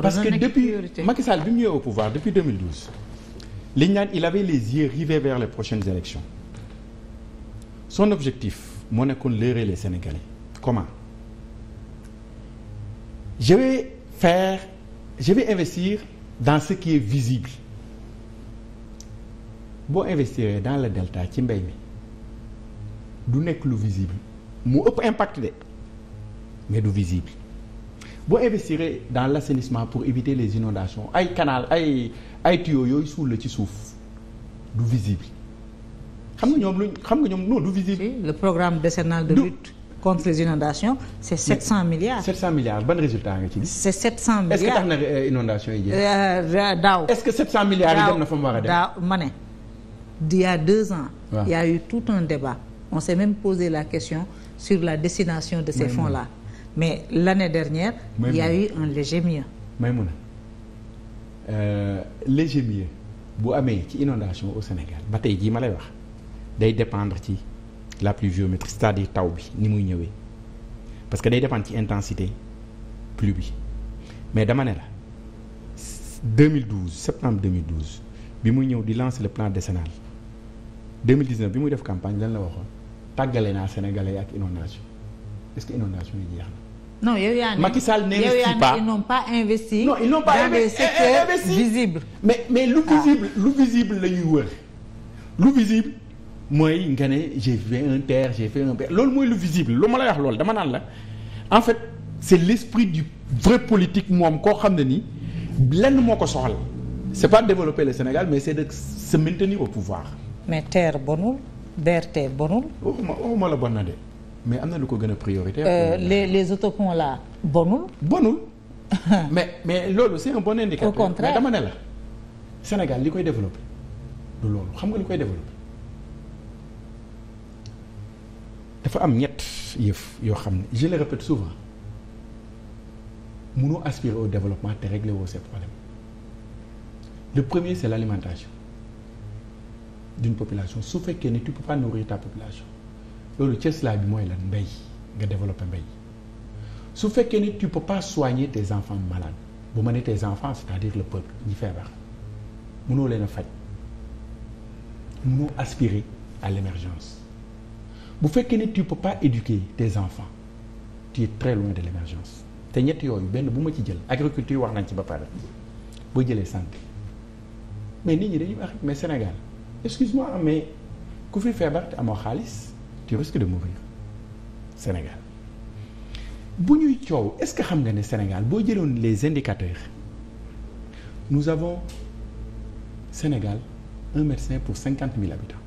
parce que depuis Macky Sall bi mu ñëwee au pouvoir depuis 2012 li ñu naan il avait les yeux rivés vers les prochaines élections son objectif moo nekkoon leurrer les Sénégalais comment je vais faire je vais investir dans ce qui est visible boo investir dans le delta ci mbay mi du nekk lu visible mu ëpp impact de mais du visible boo investir dans l' assainissement pour éviter les inondations ay kanal ay ay tuyaux yooyu suul la ci suuf du visible xam nga ñoom luñ xam nga ñoom non du visible. Oui, le programme décennal de lutte contre les inondations c' est 700 milliards. 700 ban résultat nga ci gis. c' est 700 milliards est ce que tax na euh, inondations yi jeex. Euh, euh, daaw est ce que 700 milliards na fa mu war a ma ne. il y a deux ans. y a eu tout un débat on s' est même posé la question sur la destination de ces oui, fonds mais l'année dernière. il y a eu un léger mieux. Maïmouna euh, léger mieux bu amee ci inondation au Sénégal ba tey jii ma lay wax day dépendre ci la pluviométrie c'est-à-dire taw bi ni muy ñëwee parce que day dépendre ci intensité plus bi mais dama ne la 2012 septembre 2012 bi muy ñëw di lancé le plan décennal 2019 bi muy def campagne lan la waxoon tàggale naa sénégalais ak inondation parce que inondation yi jeex na. non yow yaa ne Macky Sall n'investit pas ils n'ont pas investi. non ils n'ont pas dans eh, eh, mais mais lu ah. visible lu la ñuy wër lu visible mooy nga ne j'ai un terre j'ai fait un loolu mooy lu visible lu ma lay wax loolu dama naan la en fait c'est l'esprit du vrai politique moom koo xam ne ni lenn moo ko soxal c'est pas développer le Sénégal mais c'est de se maintenir au pouvoir. mais terre bonul BRT bonul. waxuma waxuma la bon na de. mais am na lu ko gën a priorité. Euh, les les autocons là bonul. bonul mais mais loolu c'est un bon indicateur. au contraire mais dama la Sénégal li koy développé du loolu xam nga li koy développé dafa am ñett yëf yoo xam ne je le répète souvent mënoo aspirer au développement te régler woo ces problèmes le premier c'est l'alimentation d'une population su fekkee ne tu peux pas nourrir ta population. loolu cëslaay bi mooy lan mbéy nga développé mbéy su fekkee ni tu pas soigner tes enfants malades bu ma ne tes enfants c'est-à-dire le peuple ñi feebar mënoo leen a faj mënoo aspirer à l'émergence bu fekkee ni tu pas éduquer tes enfants tu es très loin de l'émergence te ñett yooyu benn bu ma ci jël agriculture wax nañ ci ba pare boo jëlee santé mais nit ñi dañuy wax mais Sénégal excuse-moi ku fi feebar te amoo xaalis. tu risques de mourir Sénégal bu ñuy coow est-ce que xam nga ne Sénégal boo jëloon les indicateurs nous avons Sénégal un médecin pour cinquante mille habitants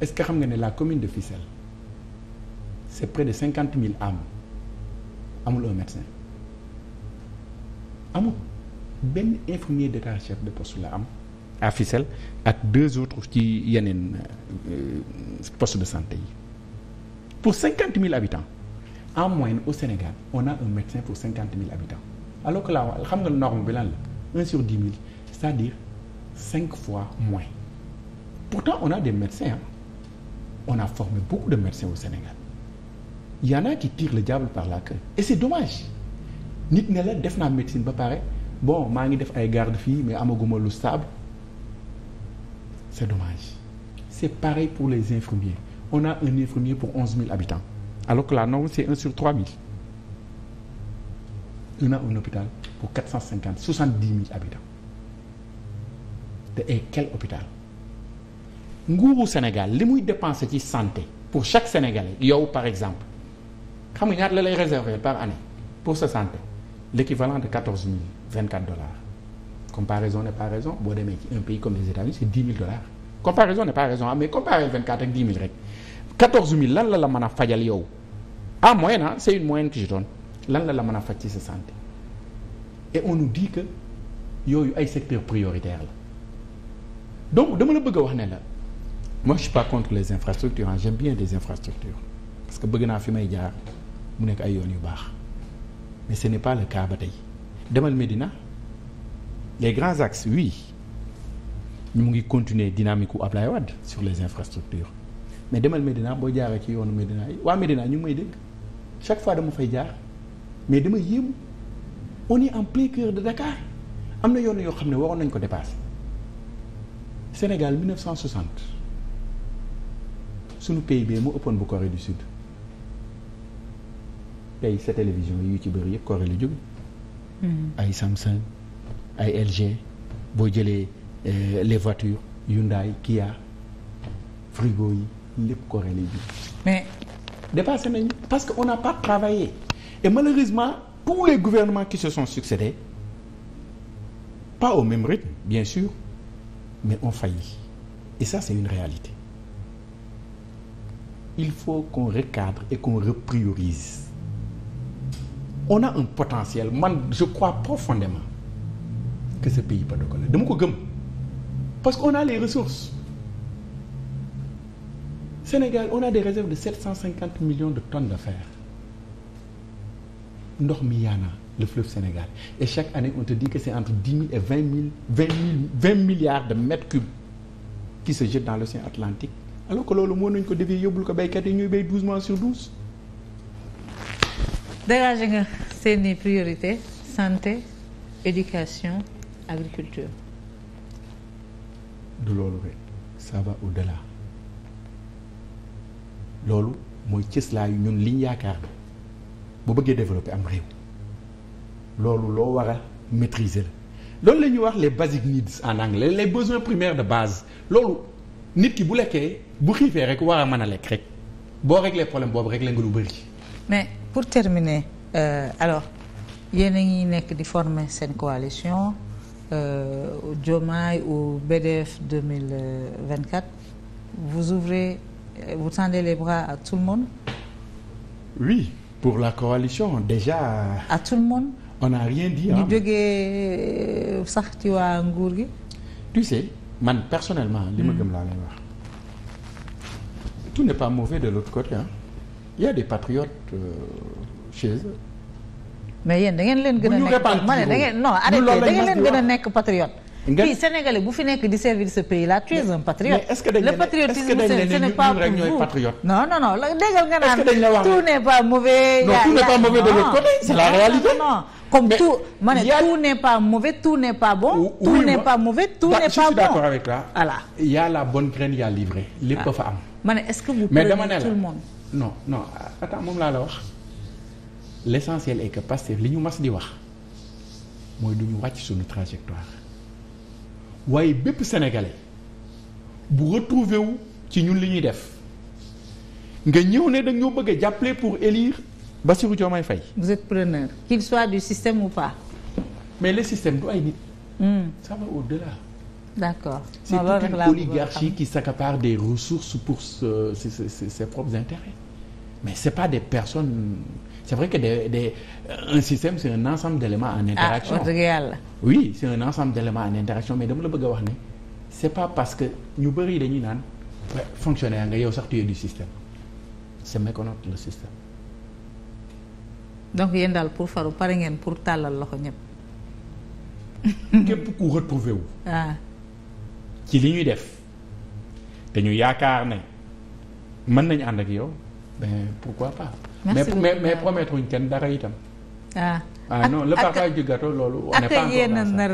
est-ce que xam nga ne la commune de Fissel c'est près de cinquante mille âmes amul un médecin amul benn infirmier d'état chef de poste la am. à Fissel ak deux autres ci yeneen euh, poste de santé yi pour cinquante mille habitants en moyenne au Sénégal on a un médecin pour cinquante mille habitants alors que là xam nga norme bi lan la un sur dix mille c'est-à-dire cinq fois moins pourtant on a dem médecins hein? on a formé beaucoup de médecins au Sénégal yaa y en a qui tirent le diable par la queue et c'est dommage nit ne la def naa médecine ba pare bon maa ngi def ay garde fii mais amaguma lu stable c'est dommage c'est pareil pour les infirmiers on a un infirmier pour onze mille habitants alors que la norme c'est un sur trois mille on a un hôpital pour cinquante soixante-dix mille habitants te et quel hôpital nguuru Sénégal li muy dépenser ci santé pour chaque Sénégalais yow par exemple xam nga ñaata la lay réserver par année pour sa santé l'équivalent de quatorze mille dollars comparaison n'est pas raison boo demee ci un pays comme les États-Unis c'est dix mille dollars comparaison n'est pas raison ah mais comparer vingt quatre ak dix mille rek quatorze mille lan la la mën a fajal yow en moyenne ah c'est une moyenne que je donne lan la la mën a faj ci sa santé et on nous dit que yooyu ay secteur prioritaire la donc dama la bëgg wax ne la moi je suis contre les infrastructures ah j'aime bien des infrastructures parce que bëgg naa fi may jaar mu nekk ay yoon yu baax mais ce n'est pas le les grands axes oui ñu ngi continuer dynamique wu Ablaye Wade sur les infrastructures mais demal Medina boo jaaree ci yoonu Medina yi waa Medina ñu ngi may dégg chaque fois dama fay jaar mais dama yéemu on est en plein cœur de Dakar am na yoon yoo xam ne waroon nañ ko dépasser Sénégal 1960 sunu PIB mu ëppoon bu Corée du Sud tey sa télévision yu ci bëri yëpp Corée la jóge hmm. ay Samsung ay LG boo jëlee euh, les voitures Hyundai Kia frigo yi lépp Corée lay jóge mais dépassé nañu parce que on n'a pas travaillé et malheureusement tous les gouvernements qui se sont succédés pas au même rythme bien sûr mais ont failli et ça c'est une réalité il faut qu'on recadre et qu'on repriorise on a un potentiel man je crois profondément que ce pays pas dama ko gëm parce que on a les ressources Sénégal on a des de sept cent cinquante millions de tonnes de fer ndox mi yaana le fleuve Sénégal et chaque année on te dit que c'est entre dix mille vingt mille vingt mille vingt milliards de mètres cubes qui se jettent dans l'océan Atlantique alors que loolu moo nañ ko defee yóbbul ko béykat yi ñuy béy douze mois sur douze. dégagé nga seeni priorité santé éducation. agriculture. du loolu rek ça va au delà loolu mooy cëslaayu ñun liñ yaakaar bu bëggee développer am réew loolu loo war a maîtriser la loolu la ñuy wax les basic needs en anglais les besoins primaires de base loolu nit ki bu lekkee bu xiifee rek war a mën a lekk rek boo réglé problème boobu réglé nga lu bëri. mais pour terminer euh, alors yéen a ngi nekk di former seen coalition. Euh, Diomaye ou BDF 2024 vous ouvrez euh, vous tendez les bras à tout le monde oui pour la coalition déjà à tout le monde on n'a rien dit ñu jógee euh, sax ci waa nguur gi tu sais man personnellement li ma mm. gëm laa lay wax tout n'est pa mauvais de l'autre côté chez eux mais yéen da ngeen leen gën a nekk ma ne da ngeen non arrêtez da ngeen leen gën a nekk patriote fii sénégalais bu fi nekk di servir ce pays là tu es un patriote le patriotisme ce n'est pas pour vous non non non déggal nga naan tout n'est pas mauvais non tout n'est pas mauvais de l'autre côté la réalité non comme tout ma ne tout n'est pas mauvais bon tout n'est pas mauvais tout bon je suis d'accord avec toi voilà la bonne graine il y a l'ivraie lépp ah. fa am ma ne est-ce que vous prenez tout non non attends moom laa la wax l'essentiel est que Pastef li ñu mas di wax mooy du ñu wàcc suñu trajectoire waaye bépp sénégalais bu retrouvé wu ci ñun li ñuy def nga ñëw ne dañoo bëgg a jàppale pour élire Bassirou Diomaye Faye. vous êtes preneur. qu'il soit du système ou pas. mais le système du ay nit. Hmm. ça va au-delà. d'accord c'est toute une oligarchie qui s'accapare des ressources pour ses, ses, ses, ses propres intérêts mais c'est pas des personnes. c' est que des des un système c' un ensemble d' éléments en ah, interaction oui c' est un ensemble d' éléments en interaction mais dama la bëgg a wax ne c' est pas parce que ñu bëri dañuy naan fonctionnaire nga yow sax tu es du système c'est méconnaître le système donc yéen daal pour faru pare ngeen pour tàllal loxo ñëpp képp ku retrouvé wu ah. ci li ñuy def te ñu yaakaar ne mën nañu ànd ak yow pourquoi pas merci mais mais promettre wuñ kenn dara itam. ah, ah non le partage du gâteau loolu. on n'est pas encore dans ça